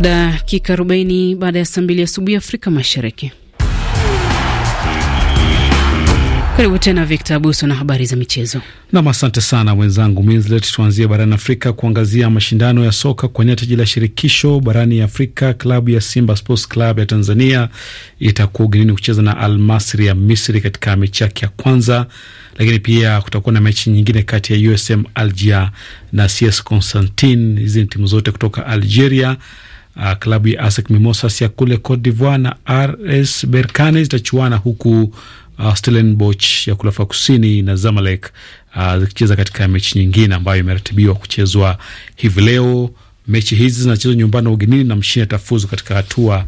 Dakika 40 baada ya saa mbili asubuhi Afrika Mashariki. Karibu tena Victor Abuso na habari za michezo. Nam, asante sana mwenzangu Minslet. Tuanzie barani Afrika kuangazia mashindano ya soka kwenye taji la shirikisho barani ya Afrika. Klabu ya Simba Sports Club ya Tanzania itakuwa ugenini kucheza na Al ya Misri katika mechi yake ya kwanza, lakini pia kutakuwa na mechi nyingine kati ya USM Alger na CS Constantine. Hizi ni timu zote kutoka Algeria. Uh, klabu ya ASEC Mimosas ya kule Cote d'Ivoire na RS Berkane zitachuana huku uh, Stellenbosch ya kule Afrika Kusini na Zamalek uh, zikicheza katika mechi nyingine ambayo imeratibiwa kuchezwa hivi leo. Mechi hizi zinachezwa nyumbani na ugenini na mshindi atafuzu katika hatua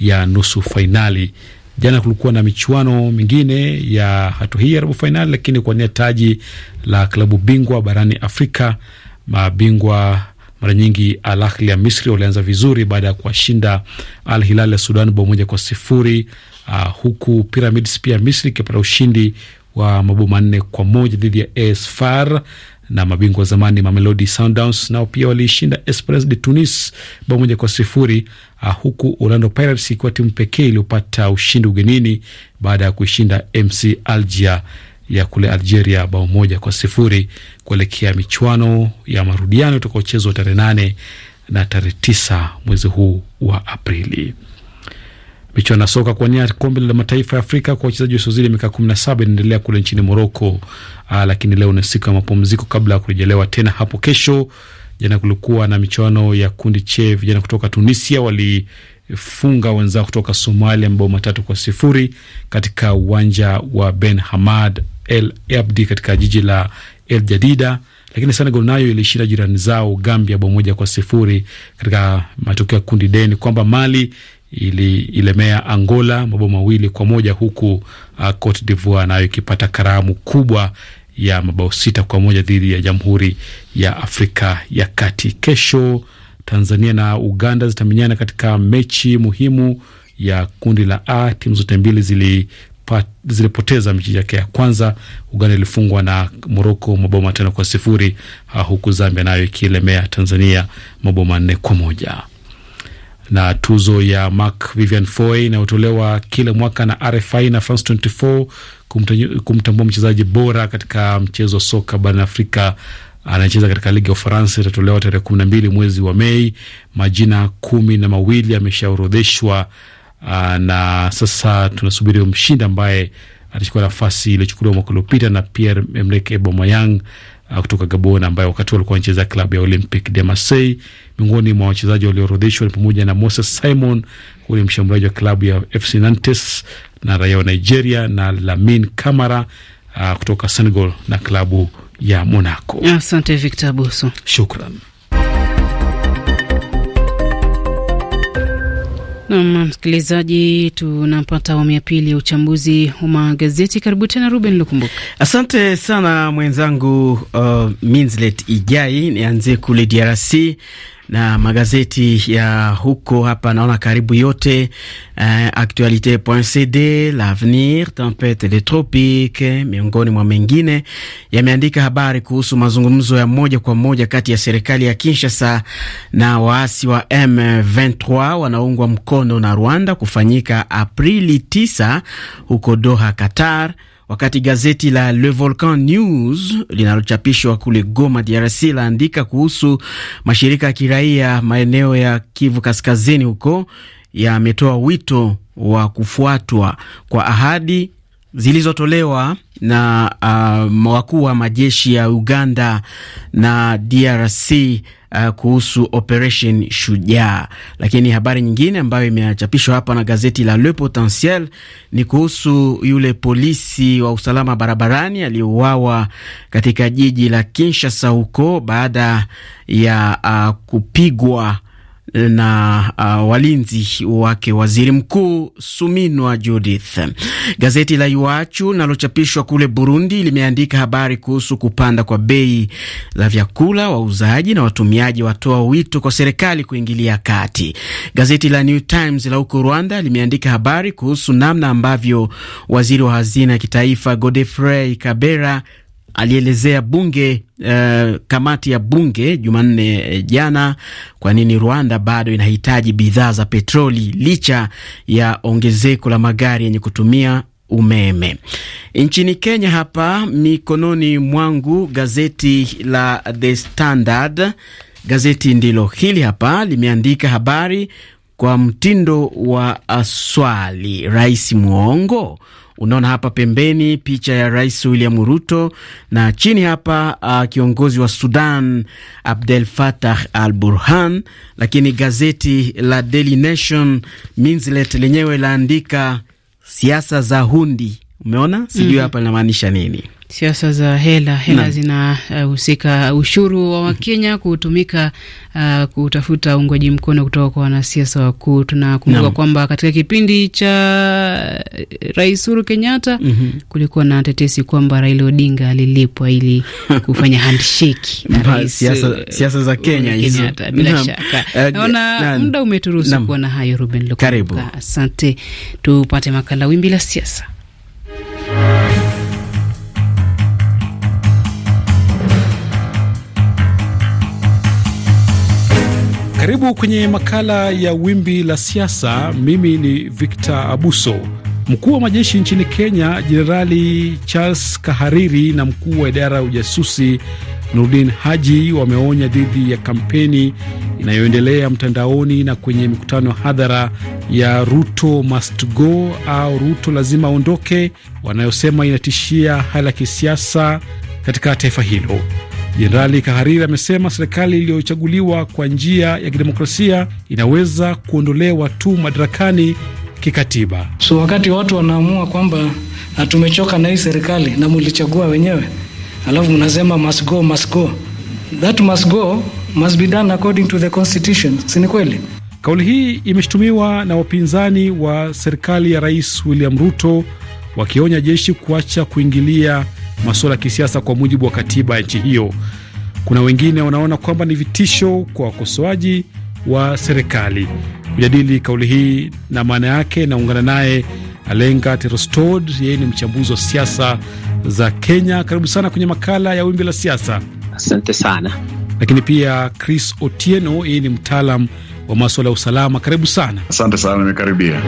ya nusu fainali. Jana kulikuwa na michuano mingine ya hatua hii ya robo fainali, lakini kwa nia taji la klabu bingwa barani Afrika mabingwa mara nyingi Al Ahli ya Misri walianza vizuri baada ya kuwashinda Al Hilal ya Sudan bao moja kwa sifuri uh, huku Pyramids pia Misri ikipata ushindi wa mabao manne kwa moja dhidi ya AS FAR na mabingwa wa zamani Mamelodi Sundowns nao pia waliishinda Esperance de Tunis bao moja kwa sifuri uh, huku Orlando Pirates ikiwa timu pekee iliyopata ushindi ugenini baada ya kuishinda MC algia ya kule Algeria bao moja kwa sifuri kuelekea michuano ya marudiano itakaochezwa tarehe nane na tarehe tisa mwezi huu wa Aprili. Michuano ya soka kuwania kombe la mataifa ya Afrika kwa wachezaji wasiozidi miaka kumi na saba inaendelea kule nchini Moroko, ah, lakini leo ni siku ya mapumziko kabla ya kurejelewa tena hapo kesho. Jana kulikuwa na michuano ya kundi che, vijana kutoka Tunisia wali funga wenzao kutoka Somalia mabao matatu kwa sifuri katika uwanja wa Ben Hamad El Abdi katika jiji la El Jadida. Lakini Senegal nayo ilishinda jirani zao Gambia bao moja kwa sifuri katika matokeo ya kundi deni, kwamba Mali ililemea Angola mabao mawili kwa moja huku uh, Cote d'Ivoire nayo ikipata karamu kubwa ya mabao sita kwa moja dhidi ya Jamhuri ya Afrika ya Kati. Kesho Tanzania na Uganda zitamenyana katika mechi muhimu ya kundi la A. Timu zote mbili zili zilipoteza mechi yake ya kwanza. Uganda ilifungwa na Moroko mabao matano kwa sifuri ah, huku Zambia nayo ikilemea Tanzania mabao manne kwa moja. Na tuzo ya Marc Vivian Foe inayotolewa kila mwaka na RFI na France 24 kumtambua mchezaji bora katika mchezo wa soka barani Afrika anayecheza katika ligi ya Ufaransa itatolewa tarehe kumi na mbili mwezi wa Mei. Majina kumi na mawili ameshaorodheshwa ah, na sasa tunasubiri mshindi ambaye atachukua nafasi iliyochukuliwa mwaka uliopita na Pierre Emerick Aubameyang ah, kutoka Gabon, ambaye wakati walikuwa anacheza klabu ya Olympic de Marseille. Miongoni mwa wachezaji walioorodheshwa ni pamoja na Moses Simon, huyu ni mshambuliaji wa klabu ya FC Nantes na raia wa Nigeria, na Lamin Camara ah, kutoka Senegal na klabu ya Monaco. Asante Victor Buso, shukran. Nam msikilizaji, tunapata awamu ya pili ya uchambuzi wa magazeti. Karibu tena Ruben Lukumbuka. Asante sana mwenzangu, uh, Minslet Ijai. Nianzie kule DRC na magazeti ya huko hapa, naona karibu yote uh, eh, actualite.cd, L'Avenir, Tempete des Tropiques, miongoni mwa mengine yameandika habari kuhusu mazungumzo ya moja kwa moja kati ya serikali ya Kinshasa na waasi wa M23 wanaungwa mkono na Rwanda kufanyika Aprili 9 huko Doha, Qatar wakati gazeti la Le Volcan News linalochapishwa kule Goma, DRC, laandika kuhusu mashirika ya kiraia maeneo ya Kivu Kaskazini huko yametoa wito wa kufuatwa kwa ahadi zilizotolewa na uh, wakuu wa majeshi ya Uganda na DRC uh, kuhusu Operation Shujaa. Lakini habari nyingine ambayo imechapishwa hapa na gazeti la Le Potentiel ni kuhusu yule polisi wa usalama barabarani aliyeuawa katika jiji la Kinshasa huko baada ya uh, kupigwa na uh, walinzi wake waziri mkuu Suminwa Judith. Gazeti la Iwachu nalochapishwa kule Burundi limeandika habari kuhusu kupanda kwa bei za vyakula. Wauzaji na watumiaji watoa wito kwa serikali kuingilia kati. Gazeti la New Times la huko Rwanda limeandika habari kuhusu namna ambavyo waziri wa hazina ya kitaifa Godefrey Kabera alielezea bunge uh, kamati ya bunge Jumanne eh, jana kwa nini Rwanda bado inahitaji bidhaa za petroli licha ya ongezeko la magari yenye kutumia umeme. Nchini Kenya hapa mikononi mwangu gazeti la The Standard, gazeti ndilo hili hapa, limeandika habari kwa mtindo wa swali, rais mwongo Unaona hapa pembeni picha ya Rais William Ruto na chini hapa uh, kiongozi wa Sudan Abdel Fattah al Burhan. Lakini gazeti la Daily Nation Minslet lenyewe laandika siasa za hundi. Umeona, sijui mm -hmm. hapa linamaanisha nini? siasa za hela hela zinahusika, uh, ushuru wa Wakenya kutumika uh, kutafuta uungwaji mkono kutoka kwa wanasiasa wakuu. Tunakumbuka kwamba katika kipindi cha uh, Rais Uhuru Kenyatta mm -hmm. kulikuwa na tetesi kwamba Raila Odinga alilipwa ili kufanya handshake na uh, siasa za Kenya hizo. Bila shaka eh, naona muda umeturuhusu kuwa na hayo. Ruben Lukumbuka, asante. Tupate makala wimbi la siasa Karibu kwenye makala ya wimbi la siasa. Mimi ni Victor Abuso. Mkuu wa majeshi nchini Kenya Jenerali Charles Kahariri na mkuu wa idara ya ujasusi Nurdin Haji wameonya dhidi ya kampeni inayoendelea mtandaoni na kwenye mikutano hadhara ya Ruto must go au Ruto lazima aondoke, wanayosema inatishia hali ya kisiasa katika taifa hilo. Jenerali Kahariri amesema serikali iliyochaguliwa kwa njia ya kidemokrasia inaweza kuondolewa tu madarakani kikatiba. So wakati watu wanaamua kwamba ah, tumechoka na hii serikali na mulichagua wenyewe, alafu mnasema must go, must go. That must go must be done according to the constitution. Si ni kweli? Kauli hii imeshutumiwa na wapinzani wa serikali ya Rais William Ruto wakionya jeshi kuacha kuingilia masuala ya kisiasa kwa mujibu wa katiba ya nchi hiyo. Kuna wengine wanaona kwamba ni vitisho kwa wakosoaji wa serikali. Kujadili kauli hii na maana yake, naungana naye Alenga Terostod, yeye ni mchambuzi wa siasa za Kenya. Karibu sana kwenye makala ya Wimbi la Siasa. Asante sana. Lakini pia Chris Otieno, yeye ni mtaalam wa maswala ya usalama. Karibu sana. Asante sana, nimekaribia.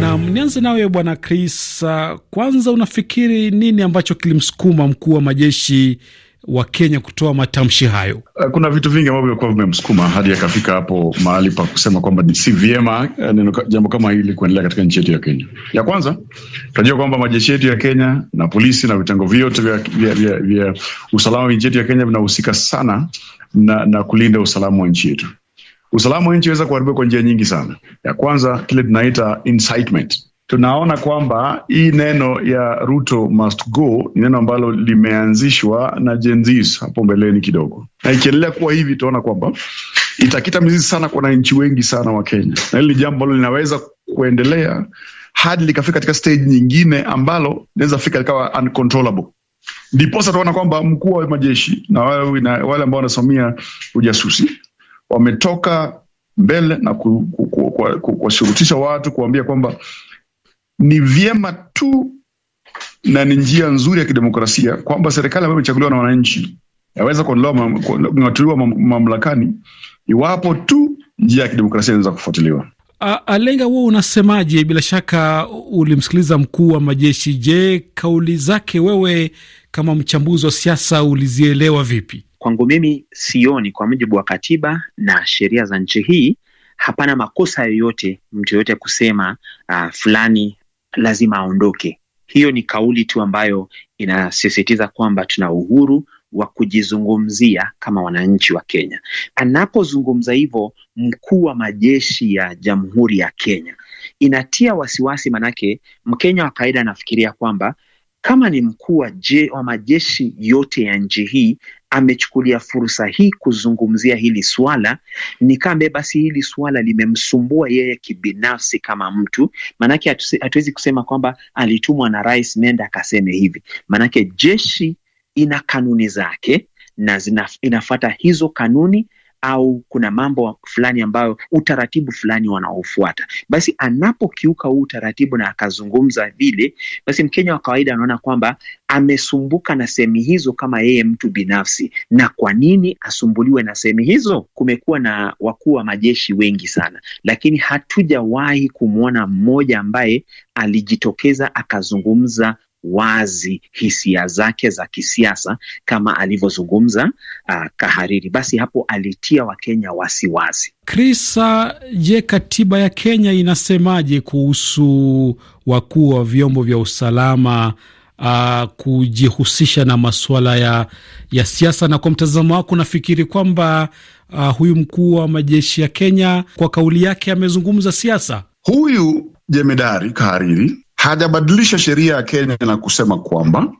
Naam, nianze nawe Bwana Chris. Uh, kwanza, unafikiri nini ambacho kilimsukuma mkuu wa majeshi wa Kenya kutoa matamshi hayo? Uh, kuna vitu vingi ambavyo vimekuwa vimemsukuma hadi akafika hapo mahali pa kusema kwamba si vyema uh, jambo kama hili kuendelea katika nchi yetu ya Kenya. Ya kwanza tunajua kwamba majeshi yetu ya Kenya na polisi na vitengo vyote vya usalama wa nchi yetu ya Kenya vinahusika sana na, na kulinda usalama wa nchi yetu usalama wa nchi weza kuharibiwa kwa njia nyingi sana. Ya kwanza kile tunaita incitement. Tunaona kwamba hii neno ya Ruto must go ni neno ambalo limeanzishwa na Gen Z hapo mbeleni kidogo, na ikiendelea kuwa hivi tunaona kwamba itakita mizizi sana kwa wananchi wengi sana wa Kenya, na hili ni jambo ambalo linaweza kuendelea hadi likafika katika stage nyingine ambalo linaweza fika likawa uncontrollable. Ndiposa tunaona kwamba mkuu wa majeshi na wale ambao wanasimamia ujasusi wametoka mbele na kuwashurutisha ku, ku, ku, watu kuambia kwamba ni vyema tu na ni njia nzuri ya kidemokrasia kwamba serikali ambayo imechaguliwa na wananchi yaweza kuondolewa mamlakani iwapo tu njia ya kidemokrasia inaweza kufuatiliwa. Alenga, huo unasemaje? Bila shaka ulimsikiliza mkuu wa majeshi. Je, kauli zake wewe kama mchambuzi wa siasa ulizielewa vipi? Kwangu mimi sioni, kwa mujibu wa katiba na sheria za nchi hii, hapana makosa yoyote mtu yoyote kusema uh, fulani lazima aondoke. Hiyo ni kauli tu ambayo inasisitiza kwamba tuna uhuru wa kujizungumzia kama wananchi wa Kenya. Anapozungumza hivyo mkuu wa majeshi ya Jamhuri ya Kenya, inatia wasiwasi, manake Mkenya wa kawaida anafikiria kwamba kama ni mkuu wa, wa majeshi yote ya nchi hii amechukulia fursa hii kuzungumzia hili swala, ni kambe basi hili swala limemsumbua yeye kibinafsi kama mtu. Maanake hatuwezi kusema kwamba alitumwa na rais, nenda akaseme hivi, maanake jeshi ina kanuni zake na zinaf, inafuata hizo kanuni au kuna mambo fulani ambayo utaratibu fulani wanaofuata, basi anapokiuka huu utaratibu na akazungumza vile, basi Mkenya wa kawaida anaona kwamba amesumbuka na sehemu hizo kama yeye mtu binafsi. Na kwa nini asumbuliwe na sehemu hizo? Kumekuwa na wakuu wa majeshi wengi sana, lakini hatujawahi kumwona mmoja ambaye alijitokeza akazungumza wazi hisia zake za kisiasa kama alivyozungumza uh, Kahariri. Basi hapo alitia Wakenya wasiwasi. Krisa, je, katiba ya Kenya inasemaje kuhusu wakuu wa vyombo vya usalama Uh, kujihusisha na masuala ya, ya siasa. Na kwa mtazamo wako nafikiri kwamba uh, huyu mkuu wa majeshi ya Kenya kwa kauli yake amezungumza siasa. Huyu jemedari Kahariri hajabadilisha sheria ya Kenya na kusema kwamba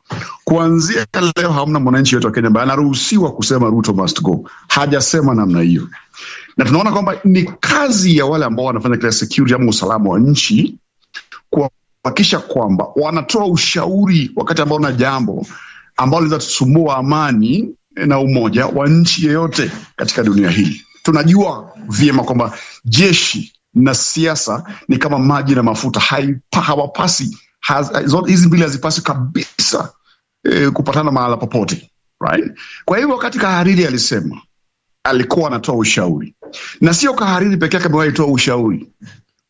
kuanzia leo hamna mwananchi yote wa Kenya ambaye anaruhusiwa kusema Ruto must go. Hajasema namna hiyo, na tunaona kwamba ni kazi ya wale ambao wanafanya kila security ama usalama wa nchi kuhakikisha kwamba wanatoa ushauri wakati ambao na jambo ambalo linaweza tusumbua amani na umoja wa nchi yeyote katika dunia hii. Tunajua vyema kwamba jeshi na siasa ni kama maji na mafuta, hawapasi hizi mbili hazipasi kabisa eh, kupatana mahala popote right? Kwa hivyo wakati kahariri alisema alikuwa anatoa ushauri, na sio kahariri peke yake amewahi toa ushauri.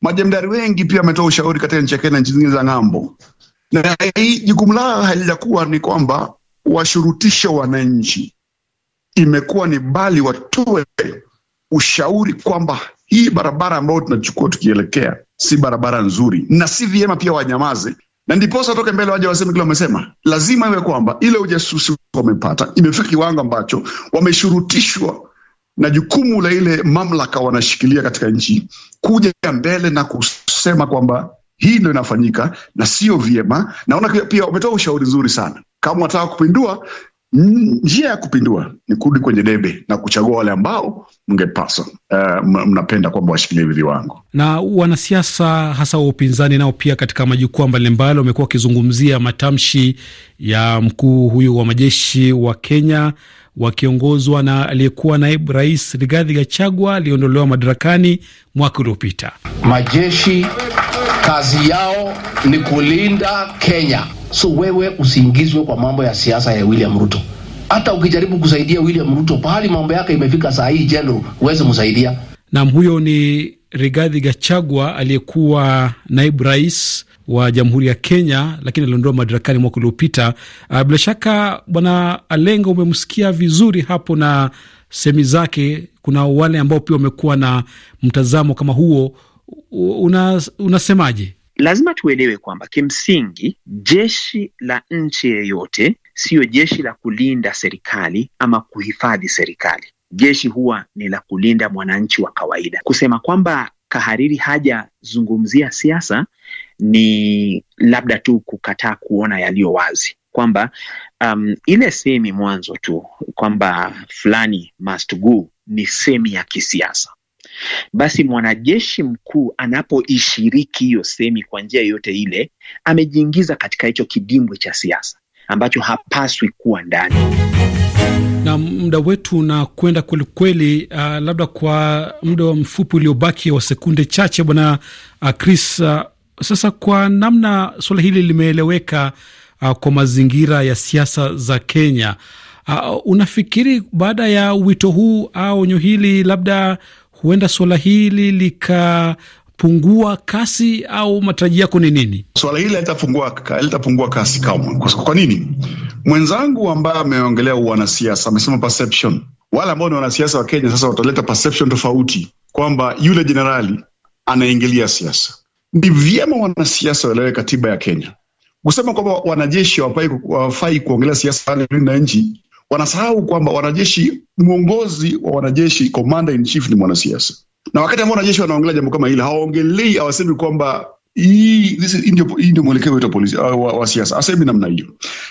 Majemdari wengi pia ametoa ushauri katika nchi ya Kenya na nchi zingine za ng'ambo, na hii jukumu lao halijakuwa ni kwamba washurutishe wananchi, imekuwa ni bali watoe ushauri kwamba hii barabara ambayo tunachukua tukielekea si barabara nzuri, na si vyema pia wanyamaze, na ndiposa toke mbele waja waseme kile wamesema. Lazima iwe kwamba ile ujasusi wamepata imefika kiwango ambacho wameshurutishwa na jukumu la ile mamlaka wanashikilia katika nchi kuja mbele na kusema kwamba hii ndio inafanyika na sio vyema. Naona pia wametoa ushauri nzuri sana, kama wanataka kupindua Njia ya kupindua ni kurudi kwenye debe na kuchagua wale ambao mngepaswa uh, mnapenda kwamba washikilie hivi viwango. Na wanasiasa hasa wa upinzani nao pia katika majukwaa mbalimbali wamekuwa wakizungumzia matamshi ya mkuu huyu wa majeshi wa Kenya wakiongozwa na aliyekuwa naibu rais Rigathi Gachagua aliyeondolewa madarakani mwaka uliopita. Majeshi kazi yao ni kulinda Kenya So wewe usiingizwe kwa mambo ya siasa ya William Ruto. Hata ukijaribu kusaidia William Ruto pahali mambo yake imefika saa hii jendo, uweze msaidia. Naam, huyo ni Rigathi Gachagua aliyekuwa naibu rais wa Jamhuri ya Kenya, lakini aliondoa madarakani mwaka uliopita. Ah, bila shaka, Bwana Alenga, umemsikia vizuri hapo na semi zake. Kuna wale ambao pia wamekuwa na mtazamo kama huo, una unasemaje? lazima tuelewe kwamba kimsingi jeshi la nchi yeyote siyo jeshi la kulinda serikali ama kuhifadhi serikali. Jeshi huwa ni la kulinda mwananchi wa kawaida. Kusema kwamba Kahariri hajazungumzia siasa ni labda tu kukataa kuona yaliyo wazi kwamba um, ile semi mwanzo tu kwamba fulani must go ni semi ya kisiasa basi mwanajeshi mkuu anapoishiriki hiyo semi kwa njia yoyote ile, amejiingiza katika hicho kidimbwe cha siasa ambacho hapaswi kuwa ndani. Na muda wetu unakwenda kwelikweli. Uh, labda kwa muda wa mfupi uliobaki wa sekunde chache, bwana uh, Chris, uh, sasa kwa namna suala hili limeeleweka uh, kwa mazingira ya siasa za Kenya, uh, unafikiri baada ya wito huu au uh, onyo hili labda huenda suala hili lika pungua kasi au matarajio yako ni nini? Swala hili litapungua kasi kamwe. Kwa nini? Mwenzangu ambaye ameongelea wanasiasa amesema perception. Wale ambao ni wanasiasa wa Kenya sasa wataleta perception tofauti kwamba yule jenerali anaingilia siasa. Ni vyema wanasiasa waelewe katiba ya Kenya, kusema kwamba wanajeshi hawafai kuongelea siasa ndani ya nchi wanasahau kwamba wanajeshi, mwongozi wa wanajeshi, commander in chief, ni mwanasiasa. Na wakati ambao wanajeshi wanaongelea jambo kama hili, hawaongelei, hawasemi kwamba hii ndio mwelekeo wetu wa polisi wa siasa, asemi namna hiyo.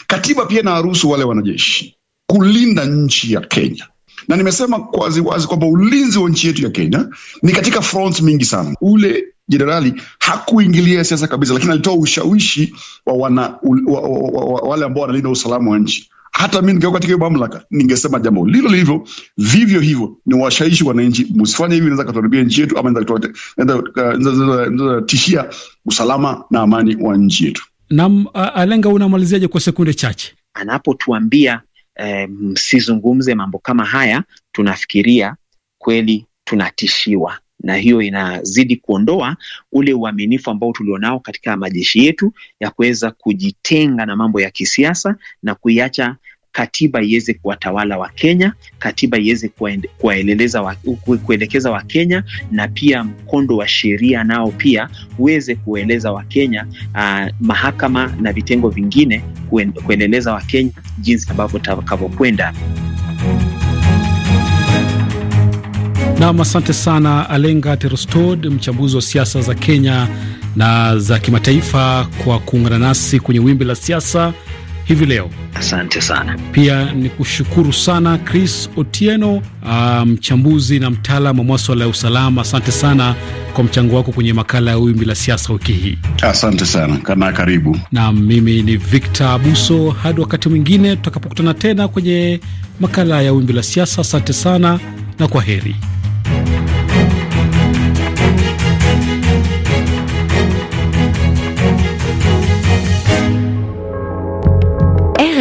Katiba pia inaruhusu wale wanajeshi kulinda nchi ya Kenya na nimesema kwa wazi kwamba ulinzi wa nchi yetu ya Kenya ni katika fronts mingi sana. Ule jenerali hakuingilia siasa kabisa, lakini alitoa ushawishi wa, wana, u, wa, wa, wa, wa wale ambao wanalinda usalama wa nchi hata mi ningekuwa katika hiyo mamlaka ningesema jambo lilo lilivyo vivyo hivyo, ni washaishi wananchi, msifanye hivi, naeza katuharibia nchi yetu ama tishia usalama na amani wa nchi yetu. nam Alenga, unamaliziaje kwa sekunde chache anapotuambia eh, msizungumze mambo kama haya? Tunafikiria kweli tunatishiwa na hiyo inazidi kuondoa ule uaminifu ambao tulionao katika majeshi yetu ya kuweza kujitenga na mambo ya kisiasa na kuiacha katiba iweze kuwatawala wa Kenya, katiba iweze kuwaelekeza wa, kuelekeza wa Kenya, na pia mkondo wa sheria nao pia uweze kueleza wa Kenya uh, mahakama na vitengo vingine kueleleza wa Kenya jinsi ambavyo takavyokwenda. Nam, asante sana Alenga Terostod, mchambuzi wa siasa za Kenya na za kimataifa, kwa kuungana nasi kwenye wimbi la siasa hivi leo. Asante sana. Pia ni kushukuru sana Chris Otieno, ah, mchambuzi um, na mtaalam wa maswala ya usalama. Asante sana kwa mchango wako kwenye makala ya wimbi la siasa wiki hii. Asante sana kana, karibu. Na mimi ni Victor Abuso, hadi wakati mwingine tutakapokutana tena kwenye makala ya wimbi la siasa. Asante sana na kwa heri.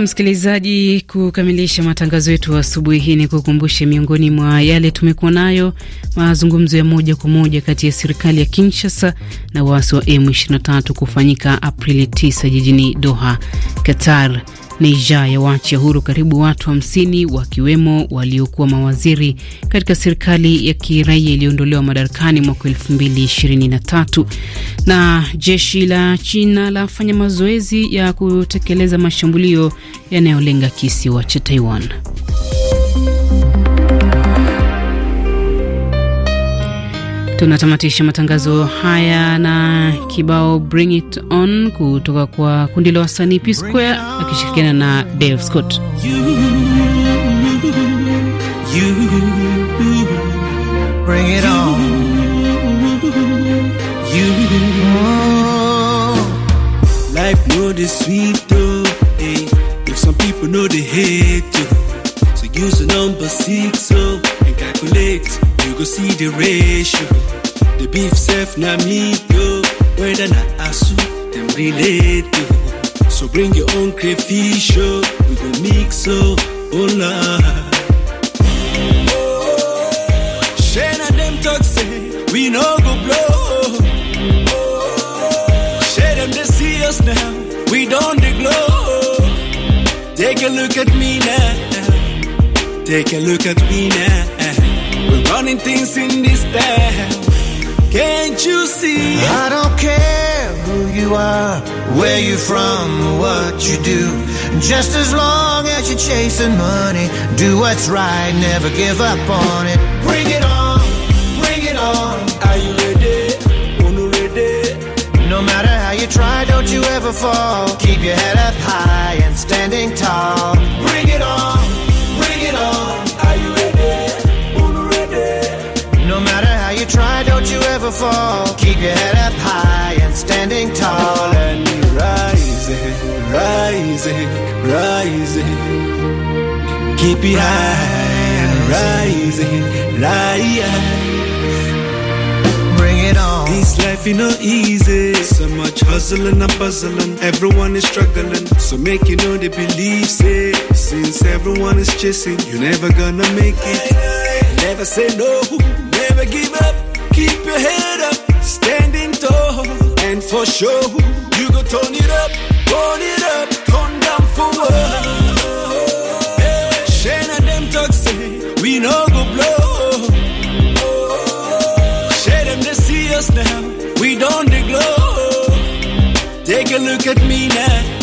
msikilizaji, kukamilisha matangazo yetu asubuhi hii, ni kukumbushe miongoni mwa yale tumekuwa nayo: mazungumzo ya moja kwa moja kati ya serikali ya Kinshasa na waasi wa M23 kufanyika Aprili 9 jijini Doha, Qatar. Niger yawachia huru karibu watu 50 wa wakiwemo waliokuwa mawaziri katika serikali ya kiraia iliyoondolewa madarakani mwaka 2023. Na jeshi la China lafanya mazoezi ya kutekeleza mashambulio yanayolenga kisiwa cha Taiwan. Tunatamatisha matangazo haya na kibao Bring It On kutoka kwa kundi la wasanii P Square akishirikiana na Dave Scott. you, you, You, oh, eh? number six oh. go see the ratio. The beef self na meet yo, whether na asu them relate yo. So bring your own crayfish yo, we go mix so hola. Oh, and them talk say we no go blow. Oh, share them they see us now, we don't the glow. Take a look at me now. Take a look at me now. We're running things in this town. Can't you see? I don't care who you are, where you're from, what you do. Just as long as you're chasing money, do what's right, never give up on it. Bring it on, bring it on. Are you ready? Uno ready? No matter how you try, don't you ever fall. Keep your head up high and standing tall. fall. Keep your head up high and standing tall and rising, rising, rising. Keep your high and rising, rising. Bring it on. This life ain't no easy. So much hustling and puzzling. Everyone is struggling. So make you know they believe it. Since everyone is chasing, you're never gonna make it. Never say no, never give up keep your head up, standing tall. And for sure, you go turn it up, turn it up, turn down for what? Hey, Shane and them talk say, we no go blow. Share them to see us now, we don't glow. Take a look at me now.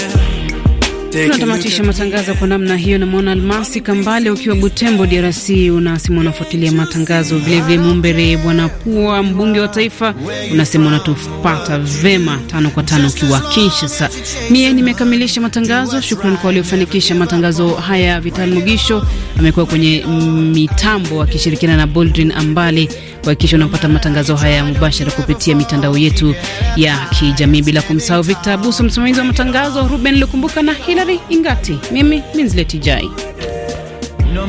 Tunatamatisha matangazo kwa namna hiyo. Namwona Almasi Kambale ukiwa Butembo, DRC, unasema unafuatilia matangazo vilevile. Mumbere Bwana Pua, mbunge wa taifa, unasema unatupata vema tano kwa tano ukiwa Kinshasa. Mie nimekamilisha matangazo. Shukran kwa waliofanikisha matangazo haya. Vital Mugisho amekuwa kwenye mitambo akishirikiana na Boldrin Ambali kuhakikisha unapata matangazo haya mubashara kupitia mitandao yetu ya kijamii, bila kumsahau Victor Abuso, msimamizi wa matangazo, Ruben Lukumbuka na Hilary Ingati. Mimi Minzleti Jai. No